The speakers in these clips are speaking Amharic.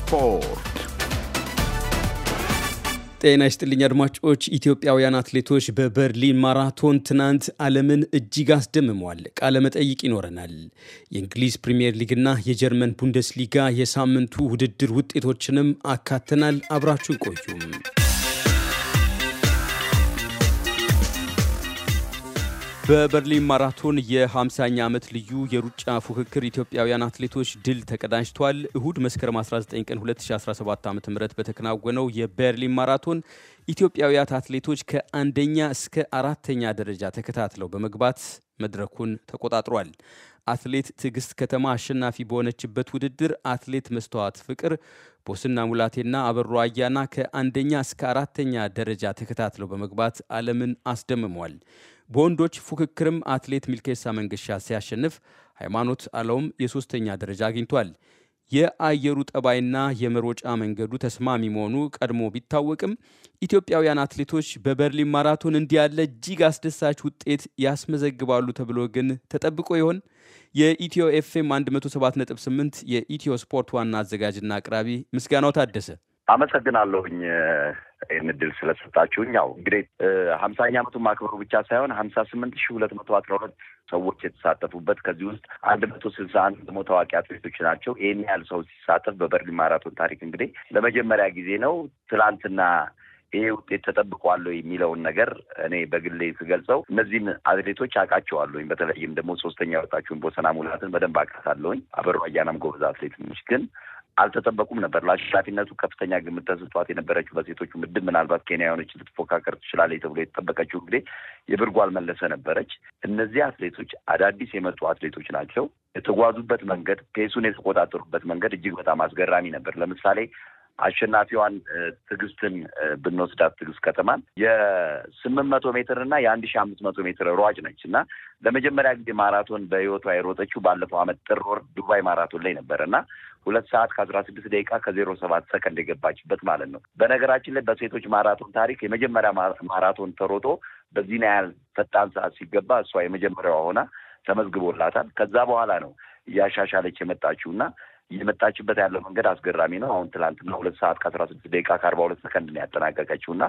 ስፖርት ጤና ይስጥልኝ አድማጮች። ኢትዮጵያውያን አትሌቶች በበርሊን ማራቶን ትናንት ዓለምን እጅግ አስደምመዋል። ቃለመጠይቅ ይኖረናል። የእንግሊዝ ፕሪምየር ሊግና የጀርመን ቡንደስሊጋ የሳምንቱ ውድድር ውጤቶችንም አካተናል። አብራችሁን ቆዩም በበርሊን ማራቶን የ50ኛ ዓመት ልዩ የሩጫ ፉክክር ኢትዮጵያውያን አትሌቶች ድል ተቀዳጅቷል። እሁድ መስከረም 19 ቀን 2017 ዓ ም በተከናወነው የበርሊን ማራቶን ኢትዮጵያውያት አትሌቶች ከአንደኛ እስከ አራተኛ ደረጃ ተከታትለው በመግባት መድረኩን ተቆጣጥሯል። አትሌት ትዕግስት ከተማ አሸናፊ በሆነችበት ውድድር አትሌት መስተዋት ፍቅር፣ ቦስና ሙላቴና አበሮ አያና ከአንደኛ እስከ አራተኛ ደረጃ ተከታትለው በመግባት ዓለምን አስደምሟል። በወንዶች ፉክክርም አትሌት ሚልኬሳ መንገሻ ሲያሸንፍ፣ ሃይማኖት አለውም የሶስተኛ ደረጃ አግኝቷል። የአየሩ ጠባይና የመሮጫ መንገዱ ተስማሚ መሆኑ ቀድሞ ቢታወቅም ኢትዮጵያውያን አትሌቶች በበርሊን ማራቶን እንዲህ ያለ እጅግ አስደሳች ውጤት ያስመዘግባሉ ተብሎ ግን ተጠብቆ ይሆን? የኢትዮ ኤፍኤም 107.8 የኢትዮ ስፖርት ዋና አዘጋጅና አቅራቢ ምስጋናው ታደሰ አመሰግናለሁኝ ይህን እድል ስለሰጣችሁኝ። ያው እንግዲህ ሀምሳኛ ዓመቱን ማክበሩ ብቻ ሳይሆን ሀምሳ ስምንት ሺ ሁለት መቶ አስራ ሁለት ሰዎች የተሳተፉበት ከዚህ ውስጥ አንድ መቶ ስልሳ አንድ ደግሞ ታዋቂ አትሌቶች ናቸው። ይህን ያህል ሰው ሲሳተፍ በበርሊን ማራቶን ታሪክ እንግዲህ ለመጀመሪያ ጊዜ ነው። ትላንትና ይሄ ውጤት ተጠብቋለሁ የሚለውን ነገር እኔ በግሌ ስገልጸው እነዚህን አትሌቶች አውቃቸዋለሁኝ። በተለይም ደግሞ ሶስተኛ ወጣችሁን ቦሰና ሙላትን በደንብ አውቃታለሁኝ። አበሩ አያናም ጎበዝ አትሌት ነች ግን አልተጠበቁም ነበር። ለአሸናፊነቱ ከፍተኛ ግምት ተሰጥቷት የነበረችው በሴቶቹ ምድብ ምናልባት ኬንያኖች ልትፎካከር ትችላለች ተብሎ የተጠበቀችው እንግዲህ የብርጓ አልመለሰ ነበረች። እነዚህ አትሌቶች አዳዲስ የመጡ አትሌቶች ናቸው። የተጓዙበት መንገድ፣ ፔሱን የተቆጣጠሩበት መንገድ እጅግ በጣም አስገራሚ ነበር። ለምሳሌ አሸናፊዋን ትዕግስትን ብንወስዳት ትዕግስት ከተማን የስምንት መቶ ሜትር እና የአንድ ሺ አምስት መቶ ሜትር ሯጭ ነች እና ለመጀመሪያ ጊዜ ማራቶን በህይወቷ የሮጠችው ባለፈው ዓመት ጥር ወር ዱባይ ማራቶን ላይ ነበር እና ሁለት ሰዓት ከአስራ ስድስት ደቂቃ ከዜሮ ሰባት ሰከንድ የገባችበት ማለት ነው። በነገራችን ላይ በሴቶች ማራቶን ታሪክ የመጀመሪያ ማራቶን ተሮጦ በዚህን ያህል ፈጣን ሰዓት ሲገባ እሷ የመጀመሪያዋ ሆና ተመዝግቦላታል። ከዛ በኋላ ነው እያሻሻለች የመጣችው እና የመጣችበት ያለው መንገድ አስገራሚ ነው። አሁን ትላንትና ሁለት ሰዓት ከአስራ ስድስት ደቂቃ ከአርባ ሁለት ሰከንድ ነው ያጠናቀቀችው እና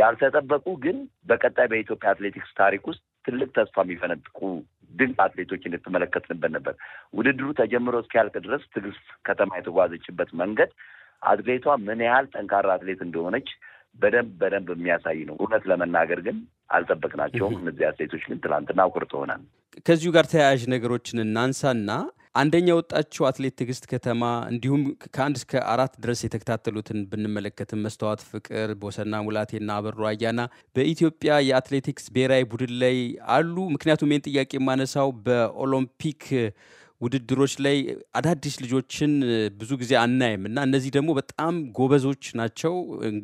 ያልተጠበቁ ግን በቀጣይ በኢትዮጵያ አትሌቲክስ ታሪክ ውስጥ ትልቅ ተስፋ የሚፈነጥቁ ድንቅ አትሌቶችን የተመለከትንበት ነበር። ውድድሩ ተጀምሮ እስኪያልቅ ድረስ ትዕግስት ከተማ የተጓዘችበት መንገድ አትሌቷ ምን ያህል ጠንካራ አትሌት እንደሆነች በደንብ በደንብ የሚያሳይ ነው። እውነት ለመናገር ግን አልጠበቅናቸውም። እነዚህ አትሌቶች ግን ትናንትና ሆናል። ከዚሁ ጋር ተያያዥ ነገሮችን እናንሳና አንደኛ ወጣችው አትሌት ትግስት ከተማ እንዲሁም ከአንድ እስከ አራት ድረስ የተከታተሉትን ብንመለከትም መስተዋት ፍቅር፣ ቦሰና ሙላቴና አበሮ አያና በኢትዮጵያ የአትሌቲክስ ብሔራዊ ቡድን ላይ አሉ። ምክንያቱም ይህን ጥያቄ የማነሳው በኦሎምፒክ ውድድሮች ላይ አዳዲስ ልጆችን ብዙ ጊዜ አናይም እና እነዚህ ደግሞ በጣም ጎበዞች ናቸው።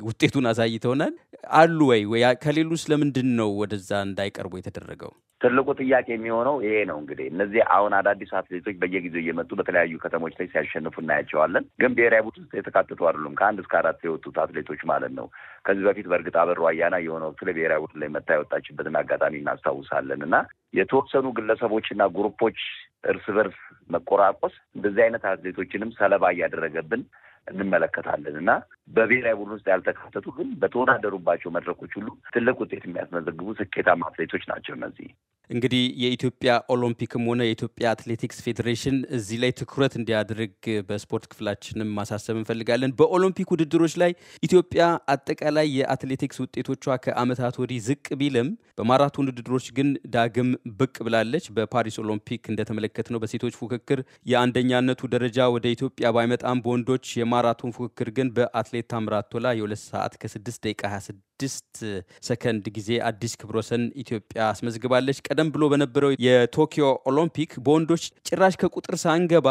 ውጤቱን አሳይተውናል አሉ ወይ ከሌሉ ከሌሉስ ለምንድን ነው ወደዛ እንዳይቀርቡ የተደረገው? ትልቁ ጥያቄ የሚሆነው ይሄ ነው። እንግዲህ እነዚህ አሁን አዳዲስ አትሌቶች በየጊዜው እየመጡ በተለያዩ ከተሞች ላይ ሲያሸንፉ እናያቸዋለን። ግን ብሔራዊ ቡድን ውስጥ የተካተቱ አይደሉም። ከአንድ እስከ አራት የወጡት አትሌቶች ማለት ነው። ከዚህ በፊት በእርግጥ አበሩ አያና የሆነ ወቅት ላይ ብሔራዊ ቡድን ላይ መታ የወጣችበትን አጋጣሚ እናስታውሳለን እና የተወሰኑ ግለሰቦችና ግሩፖች እርስ በርስ መቆራቆስ እንደዚህ አይነት አትሌቶችንም ሰለባ እያደረገብን እንመለከታለን እና በብሔራዊ ቡድን ውስጥ ያልተካተቱ ግን በተወዳደሩባቸው መድረኮች ሁሉ ትልቅ ውጤት የሚያስመዘግቡ ስኬታማ አትሌቶች ናቸው እነዚህ እንግዲህ የኢትዮጵያ ኦሎምፒክም ሆነ የኢትዮጵያ አትሌቲክስ ፌዴሬሽን እዚህ ላይ ትኩረት እንዲያደርግ በስፖርት ክፍላችንም ማሳሰብ እንፈልጋለን። በኦሎምፒክ ውድድሮች ላይ ኢትዮጵያ አጠቃላይ የአትሌቲክስ ውጤቶቿ ከዓመታት ወዲህ ዝቅ ቢልም በማራቶን ውድድሮች ግን ዳግም ብቅ ብላለች። በፓሪስ ኦሎምፒክ እንደተመለከትነው በሴቶች ፉክክር የአንደኛነቱ ደረጃ ወደ ኢትዮጵያ ባይመጣም በወንዶች የማራቶን ፉክክር ግን በአትሌት ታምራት ቶላ የሁለት ሰዓት ከስድስት ደቂቃ 26 ሰከንድ ጊዜ አዲስ ክብረ ወሰን ኢትዮጵያ አስመዝግባለች። ቀደም ቀደም ብሎ በነበረው የቶኪዮ ኦሎምፒክ በወንዶች ጭራሽ ከቁጥር ሳንገባ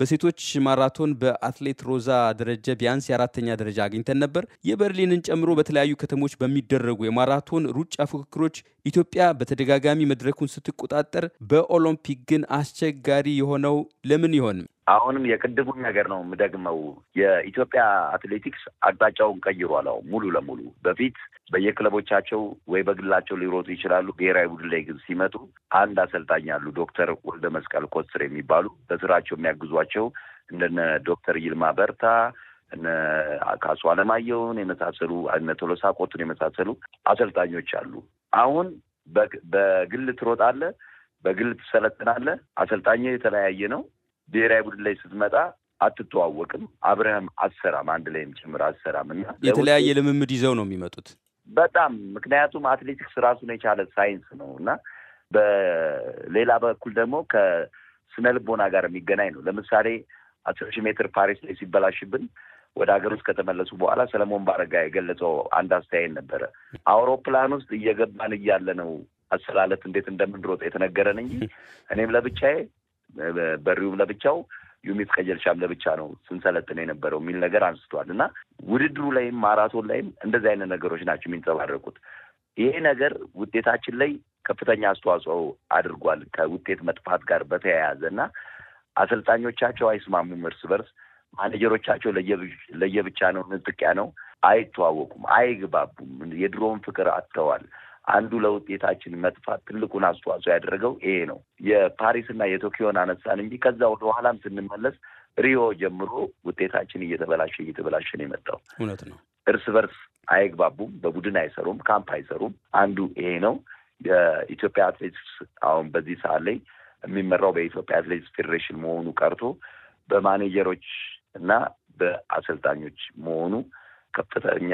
በሴቶች ማራቶን በአትሌት ሮዛ ደረጀ ቢያንስ የአራተኛ ደረጃ አግኝተን ነበር። የበርሊንን ጨምሮ በተለያዩ ከተሞች በሚደረጉ የማራቶን ሩጫ ፉክክሮች ኢትዮጵያ በተደጋጋሚ መድረኩን ስትቆጣጠር፣ በኦሎምፒክ ግን አስቸጋሪ የሆነው ለምን ይሆን? አሁንም የቅድሙን ነገር ነው የምደግመው። የኢትዮጵያ አትሌቲክስ አቅጣጫውን ቀይሯል። አሁን ሙሉ ለሙሉ በፊት በየክለቦቻቸው ወይ በግላቸው ሊሮጡ ይችላሉ። ብሔራዊ ቡድን ላይ ግን ሲመጡ አንድ አሰልጣኝ አሉ፣ ዶክተር ወልደ መስቀል ኮስትር የሚባሉ በስራቸው የሚያግዟቸው እንደነ ዶክተር ይልማ በርታ እነ ካሱ አለማየሁን የመሳሰሉ እነ ቶሎሳ ቆቱን የመሳሰሉ አሰልጣኞች አሉ። አሁን በግል ትሮጣለ፣ በግል ትሰለጥናለ። አሰልጣኝ የተለያየ ነው። ብሔራዊ ቡድን ላይ ስትመጣ አትተዋወቅም፣ አብረህም አትሰራም፣ አንድ ላይም ጭምር አትሰራም እና የተለያየ ልምምድ ይዘው ነው የሚመጡት በጣም ምክንያቱም አትሌቲክስ ራሱን የቻለ ሳይንስ ነው እና በሌላ በኩል ደግሞ ከስነ ልቦና ጋር የሚገናኝ ነው። ለምሳሌ አስር ሺህ ሜትር ፓሪስ ላይ ሲበላሽብን ወደ ሀገር ውስጥ ከተመለሱ በኋላ ሰለሞን ባረጋ የገለጸው አንድ አስተያየት ነበረ። አውሮፕላን ውስጥ እየገባን እያለ ነው አሰላለፍ እንዴት እንደምንሮጥ የተነገረን እንጂ እኔም ለብቻዬ በሪውም ለብቻው ዩሚት ከጀልሻም ለብቻ ነው ስንሰለጥን የነበረው የሚል ነገር አንስቷል እና ውድድሩ ላይም ማራቶን ላይም እንደዚህ አይነት ነገሮች ናቸው የሚንጸባረቁት። ይሄ ነገር ውጤታችን ላይ ከፍተኛ አስተዋጽኦ አድርጓል ከውጤት መጥፋት ጋር በተያያዘ እና አሰልጣኞቻቸው አይስማሙም እርስ በርስ ማኔጀሮቻቸው ለየብቻ ነው፣ ንጥቂያ ነው፣ አይተዋወቁም፣ አይግባቡም። የድሮውን ፍቅር አጥተዋል። አንዱ ለውጤታችን መጥፋት ትልቁን አስተዋጽኦ ያደረገው ይሄ ነው። የፓሪስና የቶኪዮን አነሳን እንጂ ከዛ ወደ ኋላም ስንመለስ ሪዮ ጀምሮ ውጤታችን እየተበላሸ እየተበላሸ ነው የመጣው። እውነት ነው። እርስ በርስ አይግባቡም፣ በቡድን አይሰሩም፣ ካምፕ አይሰሩም። አንዱ ይሄ ነው። የኢትዮጵያ አትሌቲክስ አሁን በዚህ ሰዓት ላይ የሚመራው በኢትዮጵያ አትሌቲክስ ፌዴሬሽን መሆኑ ቀርቶ በማኔጀሮች እና በአሰልጣኞች መሆኑ ከፍተኛ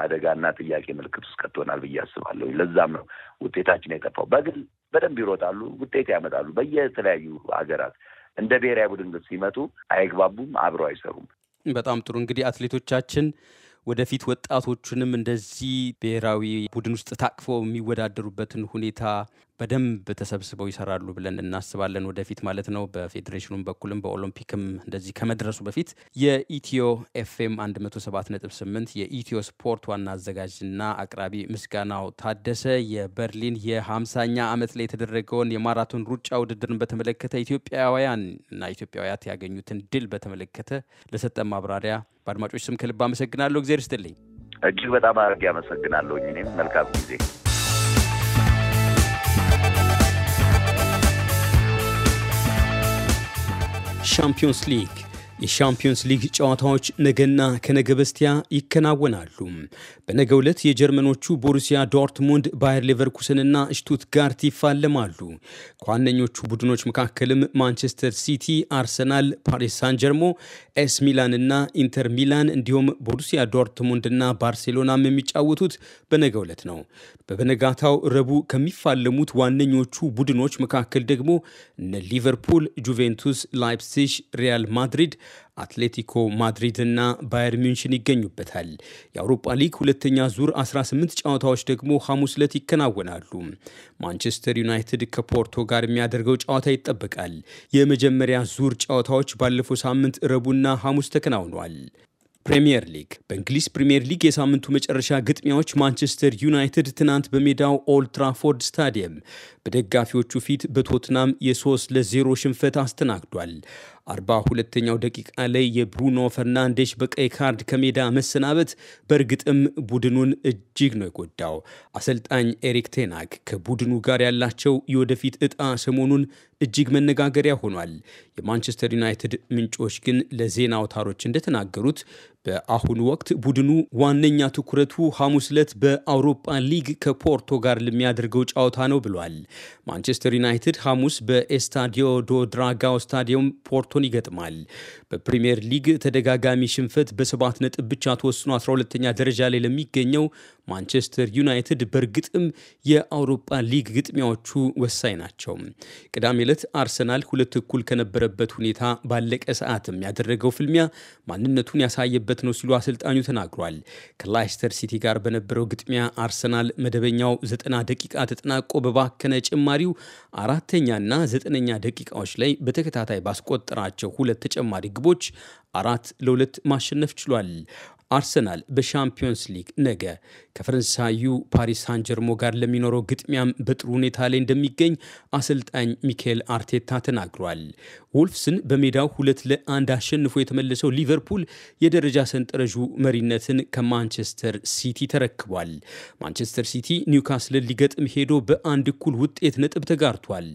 አደጋና ጥያቄ ምልክት ውስጥ ከቶናል ብዬ አስባለሁ። ለዛም ነው ውጤታችን የጠፋው። በግል በደንብ ይሮጣሉ፣ ውጤት ያመጣሉ። በየተለያዩ ሀገራት እንደ ብሔራዊ ቡድን ግን ሲመጡ አይግባቡም፣ አብረው አይሰሩም። በጣም ጥሩ እንግዲህ አትሌቶቻችን ወደፊት ወጣቶቹንም እንደዚህ ብሔራዊ ቡድን ውስጥ ታቅፈው የሚወዳደሩበትን ሁኔታ በደንብ ተሰብስበው ይሰራሉ ብለን እናስባለን ወደፊት ማለት ነው። በፌዴሬሽኑም በኩልም በኦሎምፒክም እንደዚህ ከመድረሱ በፊት የኢትዮ ኤፍኤም 107.8 የኢትዮ ስፖርት ዋና አዘጋጅና አቅራቢ ምስጋናው ታደሰ የበርሊን የ50ኛ ዓመት ላይ የተደረገውን የማራቶን ሩጫ ውድድርን በተመለከተ ኢትዮጵያውያን እና ኢትዮጵያውያት ያገኙትን ድል በተመለከተ ለሰጠ ማብራሪያ በአድማጮች ስም ከልብ አመሰግናለሁ። እግዜር ይስጥልኝ። እጅግ በጣም አድርጌ አመሰግናለሁኝ። እኔም መልካም ጊዜ Champions League. የሻምፒዮንስ ሊግ ጨዋታዎች ነገና ከነገ በስቲያ ይከናወናሉ። በነገ ዕለት የጀርመኖቹ ቦሩሲያ ዶርትሙንድ፣ ባየር ሌቨርኩሰንና ሽቱትጋርት ይፋለማሉ። ከዋነኞቹ ቡድኖች መካከልም ማንቸስተር ሲቲ፣ አርሰናል፣ ፓሪስ ሳንጀርሞ ኤስ ሚላንና ኢንተር ሚላን እንዲሁም ቦሩሲያ ዶርትሙንድና ባርሴሎናም የሚጫወቱት በነገ ዕለት ነው። በበነጋታው ረቡዕ ከሚፋለሙት ዋነኞቹ ቡድኖች መካከል ደግሞ እነ ሊቨርፑል፣ ጁቬንቱስ፣ ላይፕሲሽ፣ ሪያል ማድሪድ አትሌቲኮ ማድሪድና ባየር ሚንሽን ይገኙበታል። የአውሮፓ ሊግ ሁለተኛ ዙር 18 ጨዋታዎች ደግሞ ሐሙስ ዕለት ይከናወናሉ። ማንቸስተር ዩናይትድ ከፖርቶ ጋር የሚያደርገው ጨዋታ ይጠበቃል። የመጀመሪያ ዙር ጨዋታዎች ባለፈው ሳምንት ረቡና ሐሙስ ተከናውኗል። ፕሪምየር ሊግ በእንግሊዝ ፕሪምየር ሊግ የሳምንቱ መጨረሻ ግጥሚያዎች ማንቸስተር ዩናይትድ ትናንት በሜዳው ኦልድ ትራፎርድ ስታዲየም በደጋፊዎቹ ፊት በቶትናም ለ0 ሽንፈት አስተናግዷል። አርባ ሁለተኛው ደቂቃ ላይ የብሩኖ ፈርናንዴሽ በቀይ ካርድ ከሜዳ መሰናበት በእርግጥም ቡድኑን እጅግ ነው የጎዳው። አሰልጣኝ ኤሪክ ቴናክ ከቡድኑ ጋር ያላቸው የወደፊት እጣ ሰሞኑን እጅግ መነጋገሪያ ሆኗል። የማንቸስተር ዩናይትድ ምንጮች ግን ለዜና አውታሮች እንደተናገሩት በአሁኑ ወቅት ቡድኑ ዋነኛ ትኩረቱ ሐሙስ ዕለት በአውሮፓ ሊግ ከፖርቶ ጋር ለሚያደርገው ጨዋታ ነው ብሏል። ማንቸስተር ዩናይትድ ሐሙስ በኤስታዲዮ ዶ ድራጋው ስታዲየም ፖርቶን ይገጥማል። በፕሪምየር ሊግ ተደጋጋሚ ሽንፈት በሰባት ነጥብ ብቻ ተወስኖ 12ተኛ ደረጃ ላይ ለሚገኘው ማንቸስተር ዩናይትድ በእርግጥም የአውሮፓ ሊግ ግጥሚያዎቹ ወሳኝ ናቸው። ቅዳሜ ዕለት አርሰናል ሁለት እኩል ከነበረበት ሁኔታ ባለቀ ሰዓትም ያደረገው ፍልሚያ ማንነቱን ያሳየበት ነው ሲሉ አሰልጣኙ ተናግሯል። ከላይስተር ሲቲ ጋር በነበረው ግጥሚያ አርሰናል መደበኛው ዘጠና ደቂቃ ተጠናቆ በባከነ ጭማሪው አራተኛና ዘጠነኛ ደቂቃዎች ላይ በተከታታይ ባስቆጠራቸው ሁለት ተጨማሪ ግቦች አራት ለሁለት ማሸነፍ ችሏል። አርሰናል በሻምፒዮንስ ሊግ ነገ ከፈረንሳዩ ፓሪስ ሳንጀርሞ ጋር ለሚኖረው ግጥሚያም በጥሩ ሁኔታ ላይ እንደሚገኝ አሰልጣኝ ሚካኤል አርቴታ ተናግሯል። ወልፍስን በሜዳው ሁለት ለአንድ አሸንፎ የተመለሰው ሊቨርፑል የደረጃ ሰንጠረዡ መሪነትን ከማንቸስተር ሲቲ ተረክቧል። ማንቸስተር ሲቲ ኒውካስልን ሊገጥም ሄዶ በአንድ እኩል ውጤት ነጥብ ተጋርቷል።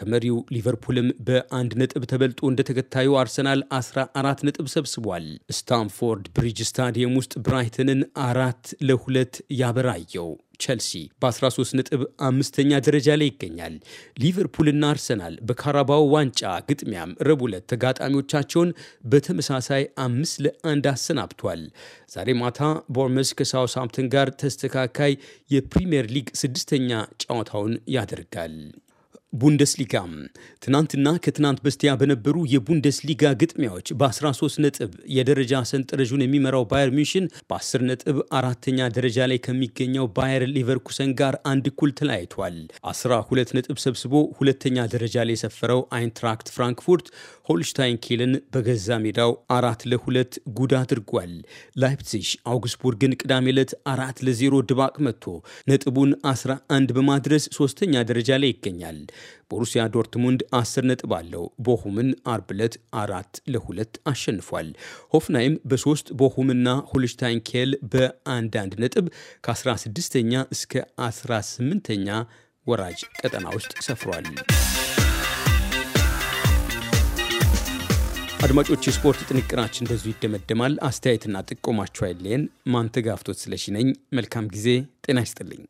ከመሪው ሊቨርፑልም በአንድ ነጥብ ተበልጦ እንደ ተከታዩ አርሰናል 14 ነጥብ ሰብስቧል። ስታምፎርድ ብሪጅ ስታዲ ስታዲየም ውስጥ ብራይተንን አራት ለሁለት ያበራየው ቸልሲ በ13 ነጥብ አምስተኛ ደረጃ ላይ ይገኛል። ሊቨርፑልና አርሰናል በካራባው ዋንጫ ግጥሚያም ረቡዕ ዕለት ተጋጣሚዎቻቸውን በተመሳሳይ አምስት ለአንድ አሰናብቷል። ዛሬ ማታ ቦርመስ ከሳውስሃምፕተን ጋር ተስተካካይ የፕሪምየር ሊግ ስድስተኛ ጨዋታውን ያደርጋል። ቡንደስሊጋ ትናንትና ከትናንት በስቲያ በነበሩ የቡንደስሊጋ ግጥሚያዎች በ13 ነጥብ የደረጃ ሰንጠረዡን የሚመራው ባየር ሚሽን በ10 ነጥብ አራተኛ ደረጃ ላይ ከሚገኘው ባየር ሊቨርኩሰን ጋር አንድ እኩል ተለያይቷል። 12 ነጥብ ሰብስቦ ሁለተኛ ደረጃ ላይ የሰፈረው አይንትራክት ፍራንክፉርት ሆልሽታይን ኬልን በገዛ ሜዳው አራት ለሁለት ጉድ አድርጓል። ላይፕዚሽ አውግስቡርግን ቅዳሜ ዕለት አራት ለዜሮ ድባቅ መጥቶ ነጥቡን 11 በማድረስ ሶስተኛ ደረጃ ላይ ይገኛል። ቦሩሲያ ዶርትሙንድ 10 ነጥብ አለው። ቦሁምን አርብ ዕለት አራት ለሁለት አሸንፏል። ሆፍናይም በሶስት ቦሁምና ሁልሽታይን ኬል በአንዳንድ ነጥብ ከ16ኛ እስከ 18ኛ ወራጅ ቀጠና ውስጥ ሰፍሯል። አድማጮች፣ የስፖርት ጥንቅራችን በዙ ይደመደማል። አስተያየትና ጥቆማችሁ አይለየን። ማንተጋፍቶት ስለሺ ነኝ። መልካም ጊዜ። ጤና ይስጥልኝ።